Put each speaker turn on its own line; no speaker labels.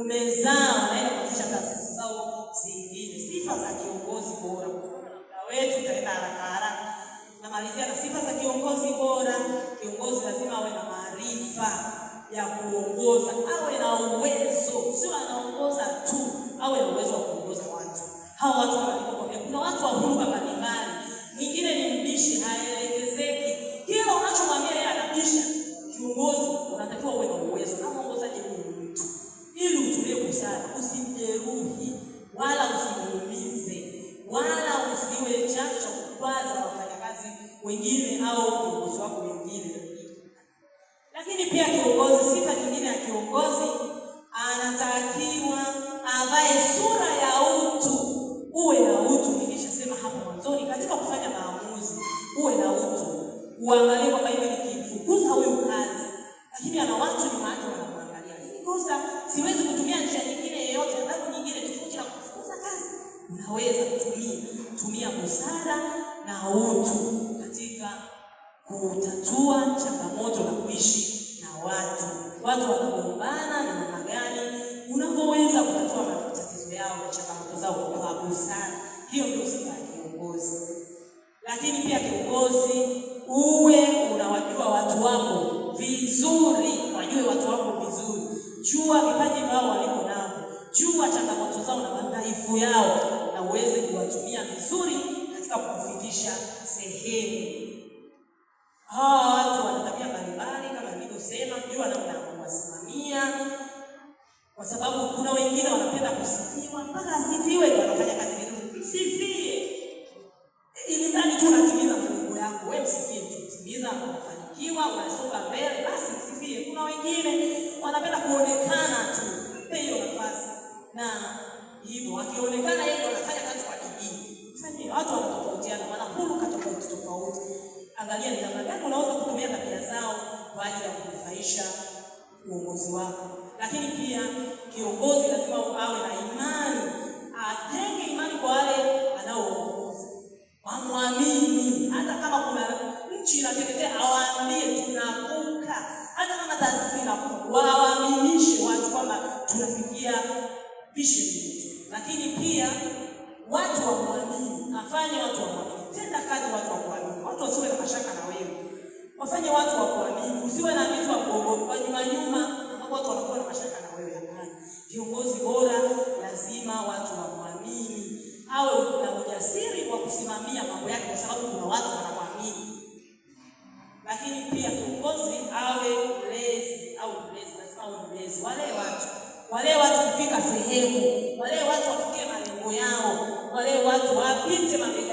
umezaa unaenda kuanzisha taasisi zao zingine. Sifa za kiongozi bora, muda wetu utaenda haraka haraka. Namalizia na sifa za kiongozi bora. Kiongozi lazima awe na maarifa ya kuongoza, awe na uwezo, sio anaongoza tu, awe na uwezo wa kuongoza watu hawa watu kukwaza wafanyakazi wengine au viongozi wako wengine. Lakini pia kiongozi, sifa nyingine ya kiongozi, anatakiwa avae sura ya utu. Uwe na utu, nilishasema hapo mwanzoni, katika kufanya maamuzi uwe na utu, uangalie kwamba hivi nikimfukuza huyu kazi, lakini ana watu nyuma yake wanamwangalia, nikikosa siwezi kutumia njia nyingine yeyote, adhabu nyingine tofauti na kufukuza kazi. Unaweza kutumia tumia busara na utu katika kutatua changamoto na kuishi na watu. Watu wanagombana na namna gani Unapoweza kutatua matatizo yao na changamoto zao kwa sana Hiyo ndio sifa ya kiongozi, lakini pia kiongozi uwe unawajua watu wako vizuri, wajue watu wako vizuri, jua vipaji vyao waliko nao, jua changamoto zao na madhaifu yao, na uweze kuwatumia vizuri sehemu. Hawa watu wana tabia mbalimbali, kama nilivyosema, mjua namna ya kuwasimamia, kwa sababu kuna wengine wanapenda kusifiwa mpaka asifiwe ndio anafanya kazi vizuri. Sifie ili ndani tu natimiza malengo yako, wewe msifie tu, timiza, unafanikiwa, unasonga mbele, basi msifie. Kuna wengine wanapenda kuonekana tu, hiyo nafasi na hivyo akionekana Angalia ni namna gani unaweza kutumia tabia zao kwa ajili ya kunufaisha uongozi wako. Lakini pia kiongozi lazima awe na imani, atenge imani kwa wale anaoongoza, wamwamini. Hata kama kuna nchi inateketea, awaambie tunakuka, hata kama taasisi zinavuka, wawaaminishe watu kwamba tunafikia vishi yetu. Lakini pia watu wamwamini, afanye watu wamwamini, tenda kazi watu wamwamini watu wa kuamini, usiwe na vitu wa kuogopa nyuma nyuma, ambapo watu wanakuwa na mashaka na wewe. Hapana, viongozi bora lazima watu wa kuamini, awe na ujasiri wa kusimamia mambo yake, kwa sababu kuna watu wanakuamini. Lakini pia kiongozi awe mlezi au mlezi, lazima awe mlezi wale watu wale watu kufika sehemu, wale watu wafike malengo yao, wale watu wapite mabega